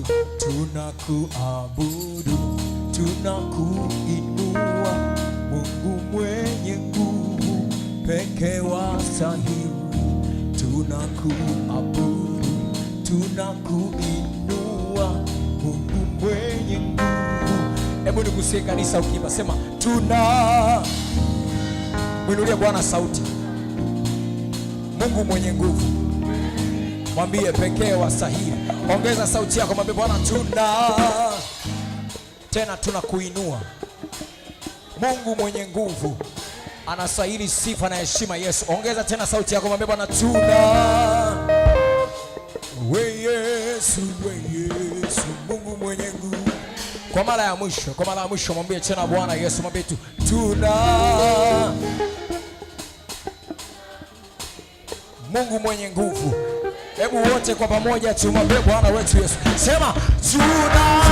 tuna tunakuabudu, tunakuinua, Mungu mwenye nguvu, pekee wastahili. Tunakuabudu, tunakuinua, Mungu mwenye nguvu. Hebu nikusie kanisa ukiimba, sema tuna mwinulie Bwana sauti. Mungu mwenye nguvu, mwambie pekee sahihi Ongeza sauti yako, mwambie Bwana tuna tena, tunakuinua Mungu mwenye nguvu, anastahili sifa na heshima. Yesu, ongeza tena sauti yako, mwambie Bwana tuna we Yesu, we Yesu, Mungu mwenye nguvu. Kwa mara ya mwisho, kwa mara ya mwisho, mwambie tena Bwana Yesu, mwambie tu tuna Mungu mwenye nguvu Hebu wote kwa pamoja tumwambie Bwana wetu Yesu, sema tuna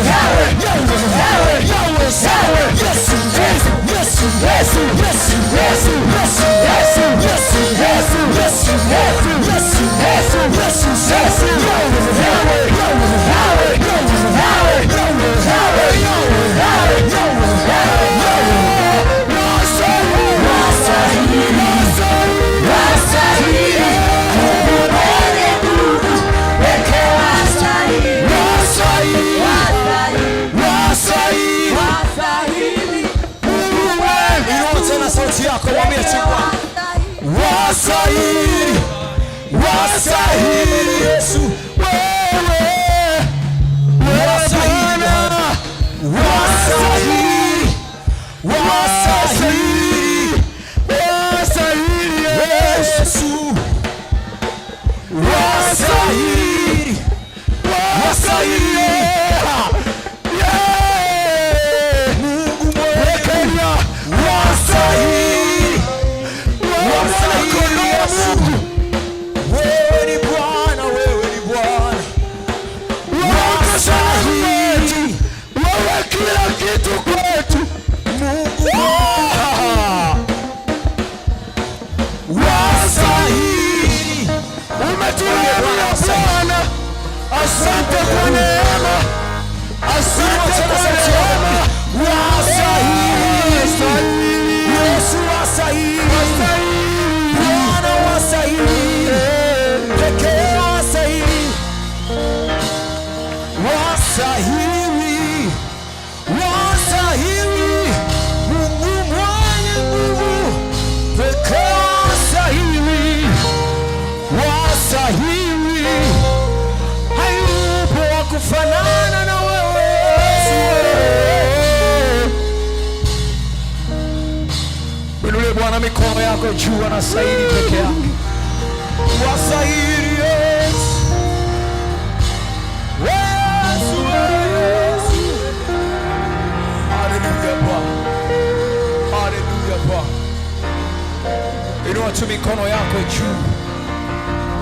sour. Yo is sour. Yo is sour. Yes, yes, yes, yes, yes, yes, yes, yes, yes, yes, yes, yes, yes, yes, yes, yes, yes, yes, Hey! wastahili, wastahili, Mungu mwenye nguvu pekee wastahili, wastahili, hayupo wa kufanana na wewe. Inulie Bwana mikono yako juu, anastahili pekee yake. tu mikono yako juu,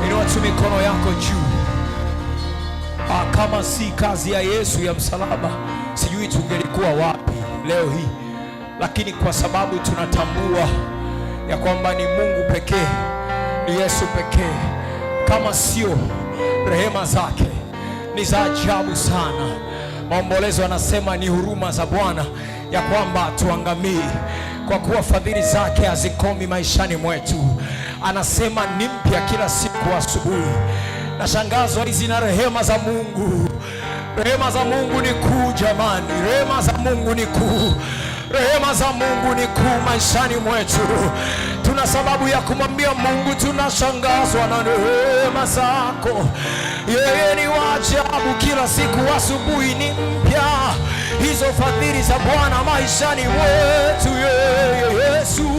inua tu mikono yako juu. Ah, kama si kazi ya Yesu ya msalaba, sijui tungelikuwa wapi leo hii, lakini kwa sababu tunatambua ya kwamba ni Mungu pekee, ni Yesu pekee. Kama sio rehema zake ni za ajabu sana. Maombolezo anasema ni huruma za Bwana ya kwamba tuangamii kwa kuwa fadhili zake hazikomi maishani mwetu. Anasema ni mpya kila siku asubuhi. Nashangazwa, hizi na rehema za Mungu. Rehema za Mungu ni kuu jamani, rehema za Mungu ni kuu, rehema za Mungu ni kuu maishani mwetu. Tuna sababu ya kumwambia Mungu tunashangazwa na rehema zako. Yeye ni ajabu, kila siku asubuhi ni hizo fadhili za Bwana maishani wetu Yeye Yesu,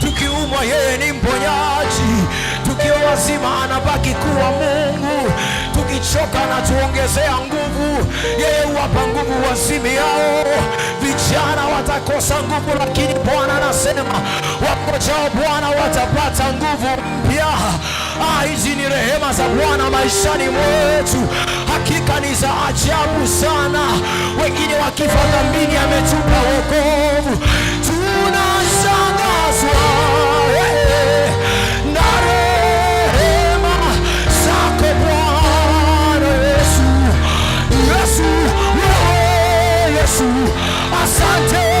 tukiumwa yeye ni mponyaji, tukiwa wazima anabaki kuwa Mungu, tukichoka tuongezea nguvu. Yeye huwapa nguvu wazimiao, vijana watakosa nguvu, lakini Bwana anasema wakojao Bwana watapata nguvu mpya. Ah, hizi ni rehema za Bwana maishani mwetu, hakika ni za ajabu sana. Wengine wakifa dhambini, ametupa wokovu. Tunashangazwa eh, na rehema Yesu, Yesu, Yesu, asante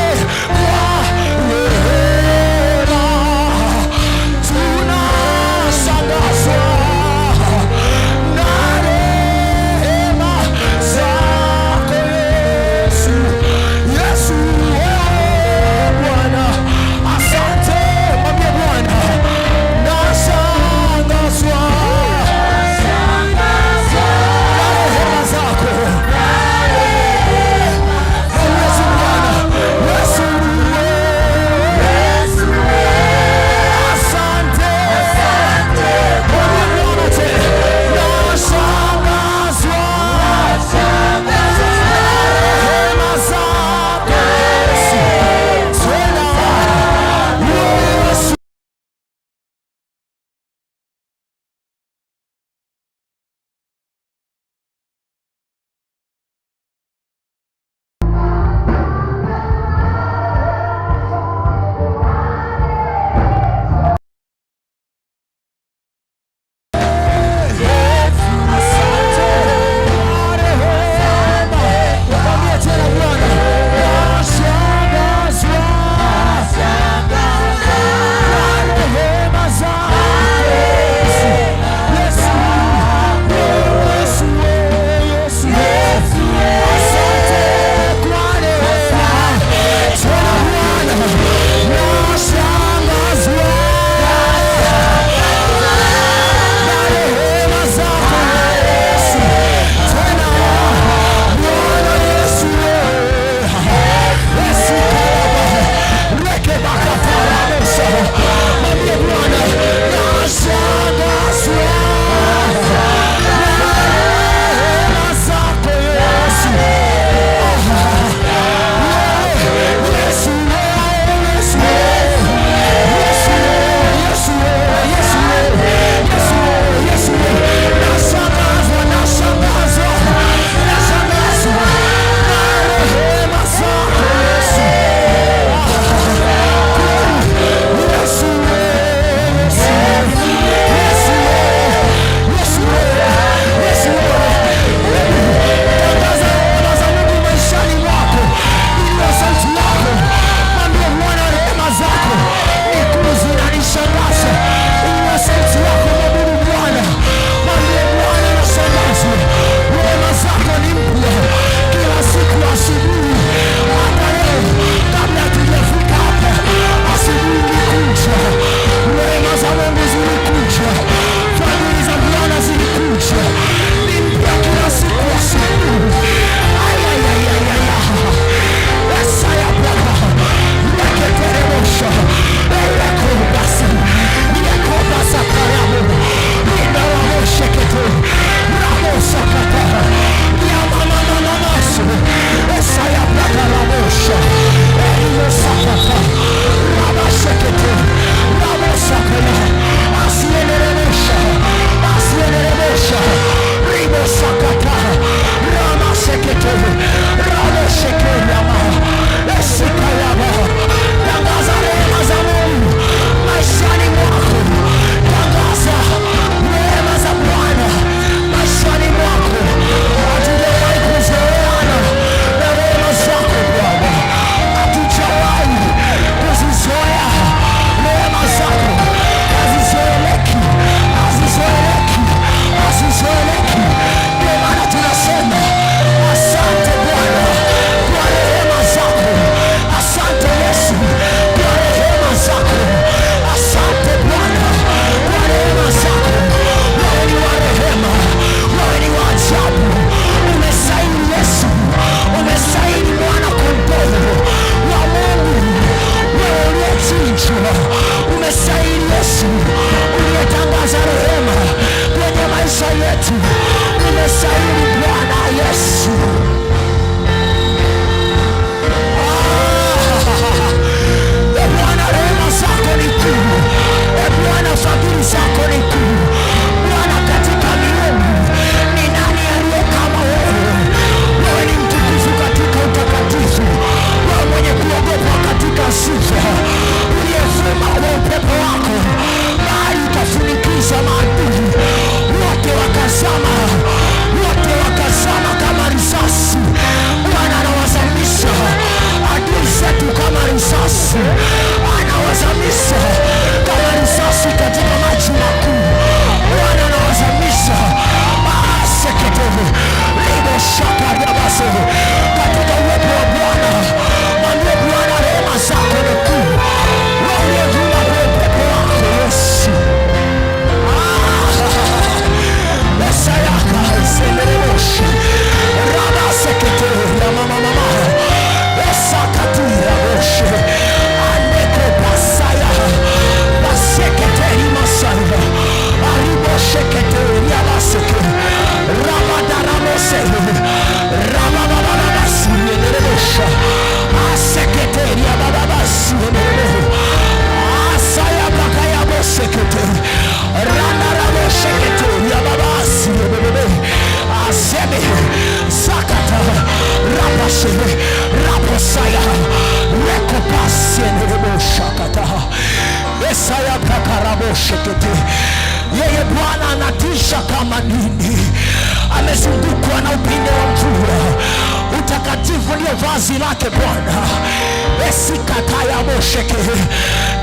hivi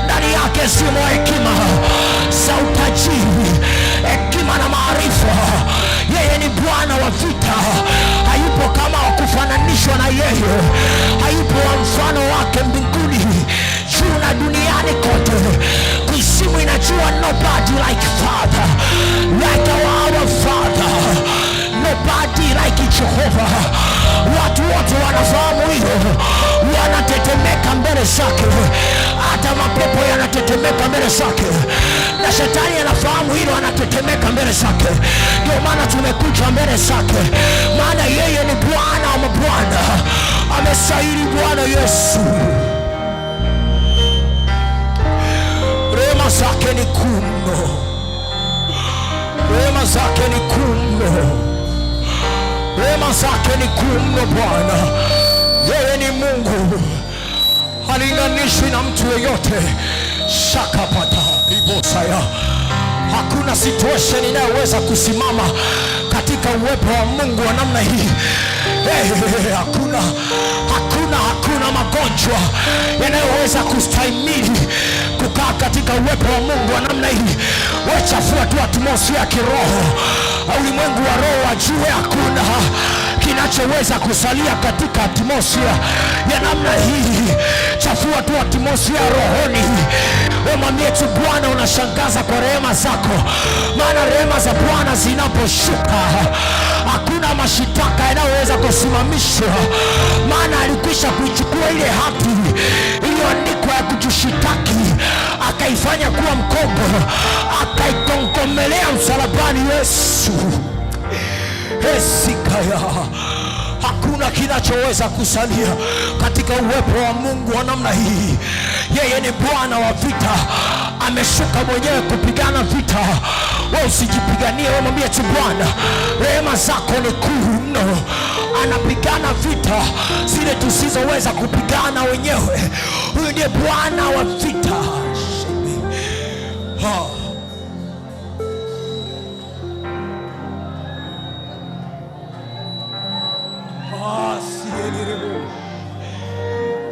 ndani yake zimo hekima za utajiri, hekima na maarifa. Yeye ni Bwana wa vita, hayupo kama wakufananishwa na yeye, hayupo wa mfano wake mbinguni juu na duniani kote. Kuzimu inajua nobody like father like our father nobody like Jehova. Watu wote wanafahamu hiyo, wanatetemeka mbele zake na mapepo yanatetemeka mbele zake, na shetani anafahamu hilo, anatetemeka mbele zake. Ndio maana tumekuja mbele zake, maana yeye ni Bwana wa mabwana. amesairi Bwana Yesu, rehema zake ni kuu mno, rehema zake ni kuu mno, rehema zake ni kuu mno. Bwana yeye ni Mungu halinganishwi na mtu yeyote. shakapata ibosaya Hakuna situation inayoweza kusimama katika uwepo wa Mungu wa namna hii. Hey, eh, eh, hey, eh, hakuna, hakuna, hakuna magonjwa yanayoweza kustahimili kukaa katika uwepo wa Mungu wa namna hii. Wechafua tu atmosphere ya kiroho, ulimwengu wa roho wajue hakuna kinachoweza kusalia katika atmosfera ya namna hii. Chafua tu atmosfera rohoni, wamwambie tu Bwana, unashangaza kwa rehema zako, maana rehema za Bwana zinaposhuka hakuna mashitaka yanayoweza kusimamishwa, maana alikwisha kuichukua ile hati iliyoandikwa ya kutushitaki akaifanya kuwa mkombo, akaikongomelea msalabani Yesu hesikaya hakuna kinachoweza kusalia katika uwepo wa Mungu wa namna hii. Yeye ni Bwana wa vita, ameshuka mwenyewe kupigana vita. Wewe usijipiganie, wewe mwambie tu Bwana, rehema zako ni kuu mno. Anapigana vita zile tusizoweza kupigana wenyewe. Huyu ndiye Bwana wa vita.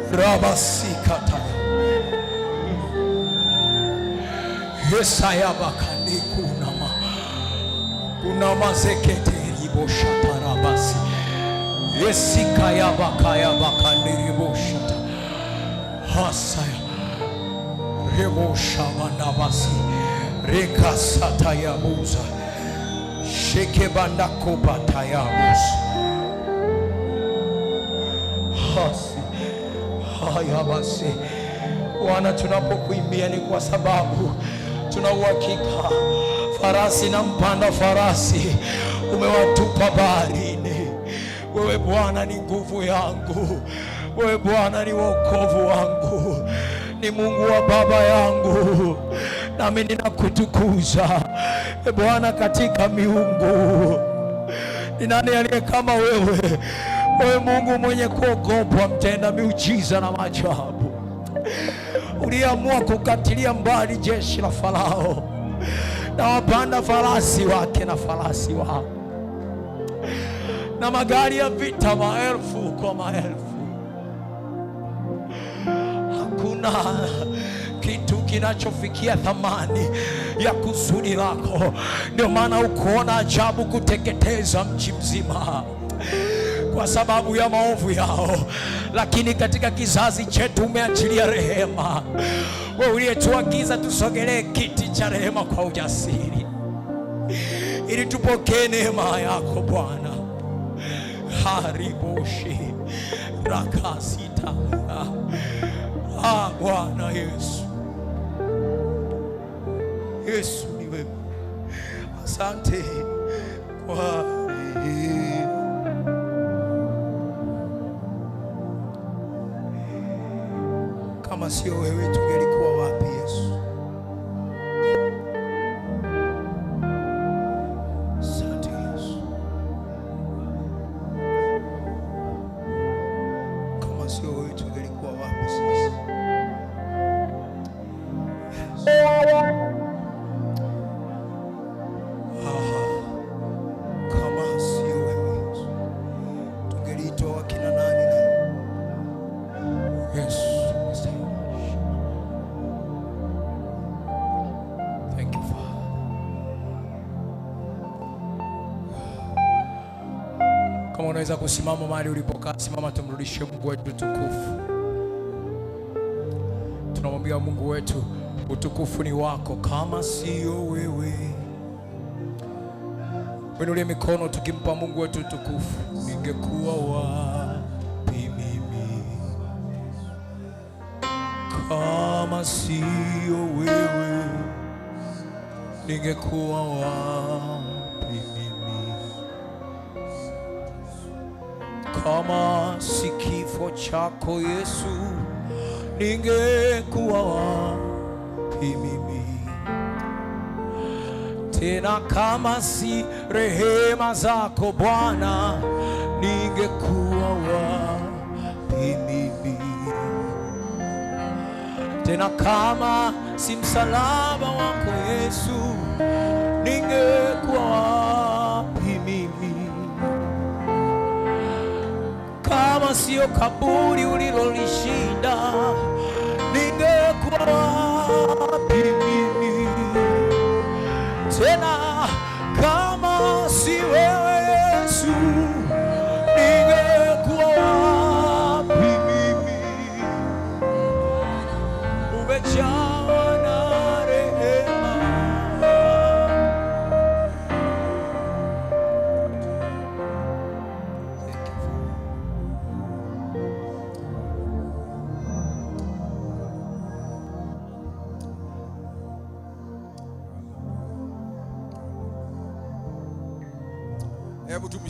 rabasikata hesayabakandikunama kunamazeketeribosatarabasi yesikayabakayabakandiriboshata hasaya reboshamanabasi rekasatayabuza shekebandakobatayabuza hasi haya basi. Bwana, tunapokuimbia ni kwa sababu tuna uhakika farasi na mpanda farasi umewatupa baharini. Wewe Bwana ni nguvu yangu, wewe Bwana ni wokovu wangu, ni Mungu wa baba yangu, nami ninakutukuza Bwana. Katika miungu ni nani aliye kama wewe? Ewe Mungu mwenye kuogopwa, mtenda miujiza na maajabu, uliamua kukatilia mbali jeshi la Farao na wapanda farasi wake na farasi wao na magari ya vita maelfu kwa maelfu. Hakuna kitu kinachofikia thamani ya kusudi lako, ndio maana ukuona ajabu kuteketeza mji mzima kwa sababu ya maovu yao, lakini katika kizazi chetu umeachilia rehema. Wewe uliyetuagiza tusogelee kiti cha rehema kwa ujasiri, ili tupokee neema yako Bwana. haribushi rakasita Ah, Bwana Yesu, Yesu ni wewe. Asante kwa oye, Jehová Waweza kusimama mahali ulipokaa, simama, tumrudishie Mungu wetu tukufu. Tunamwambia Mungu wetu, utukufu ni wako, kama sio wewe. Winulie mikono tukimpa Mungu wetu tukufu. Ningekuwa wapi mimi kama sio wewe, ningekuwa wapi mimi Kama si kifo chako Yesu, ningekuwa wapi mimi? Tena kama si rehema zako Bwana, ningekuwa wapi mimi? Tena kama si msalaba wako Yesu, ningekuwa kama sio kaburi ulilolishinda, ningekuwa wapi mimi tena?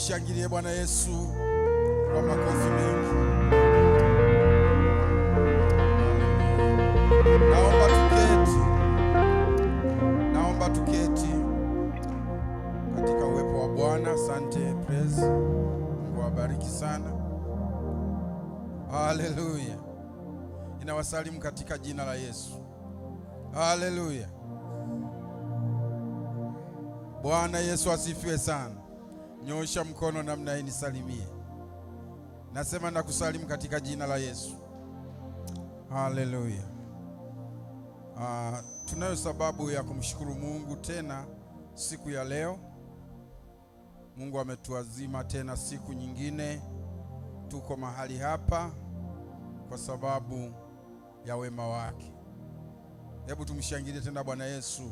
Mshangilie Bwana Yesu kwa makofi mengi. Naomba tuketi, naomba tuketi katika uwepo wa Bwana. Asante praise, Mungu awabariki sana. Haleluya, ninawasalimu katika jina la Yesu. Haleluya, Bwana Yesu asifiwe sana nyosha mkono namna hii nisalimie. Nasema nakusalimu katika jina la Yesu. Haleluya. Ah, tunayo sababu ya kumshukuru Mungu tena siku ya leo. Mungu ametuazima tena siku nyingine, tuko mahali hapa kwa sababu ya wema wake. Hebu tumshangilie tena Bwana Yesu,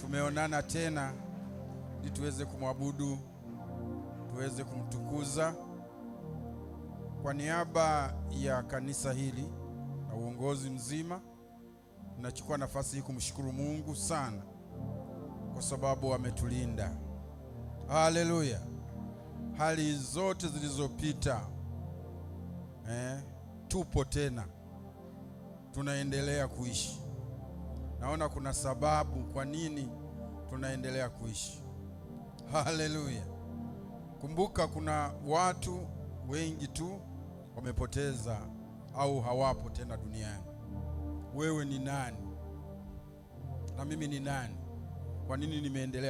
tumeonana tena ili tuweze kumwabudu, tuweze kumtukuza. Kwa niaba ya kanisa hili na uongozi mzima, nachukua nafasi hii kumshukuru Mungu sana kwa sababu ametulinda. Haleluya! hali zote zilizopita, eh, tupo tena, tunaendelea kuishi. Naona kuna sababu kwa nini tunaendelea kuishi. Haleluya. Kumbuka kuna watu wengi tu wamepoteza au hawapo tena duniani. Wewe ni nani? Na mimi ni nani? Kwa nini nimeendelea